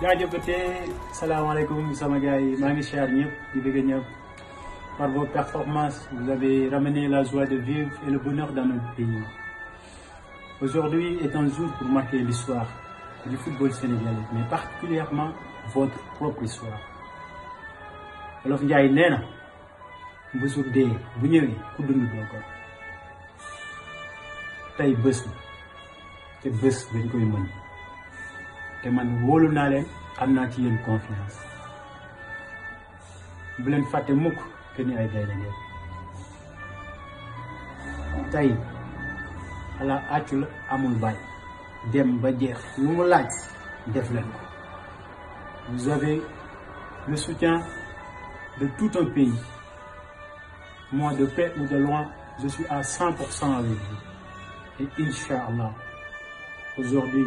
jaajëfatee salaamaaleykum sama gars yi maa ngi siyaar ñëpp di bëgg ñëpp par vos performances vous avez ramené la joie de vivre et le bonheur dans notre pays aujourd'hui est un jour pour marquer l'histoire du football sénégalais mais particulièrement votre propre histoire Wolof Njaay nee na bu suuf dee bu ñëwee ku dund doo ko tey bés te bés dañ koy mën te man wóolu naa leen xam naa ci yéen confiance bu leen fàtte mukk que ni ay gaynde ngeen tey xalaa àccu la amul bàyyi dem ba jeex lu mu laaj def leen ko vous avez le soutien de tout un pays moi de près ou de loin je suis à 100 cent avec vous et aujourd'hui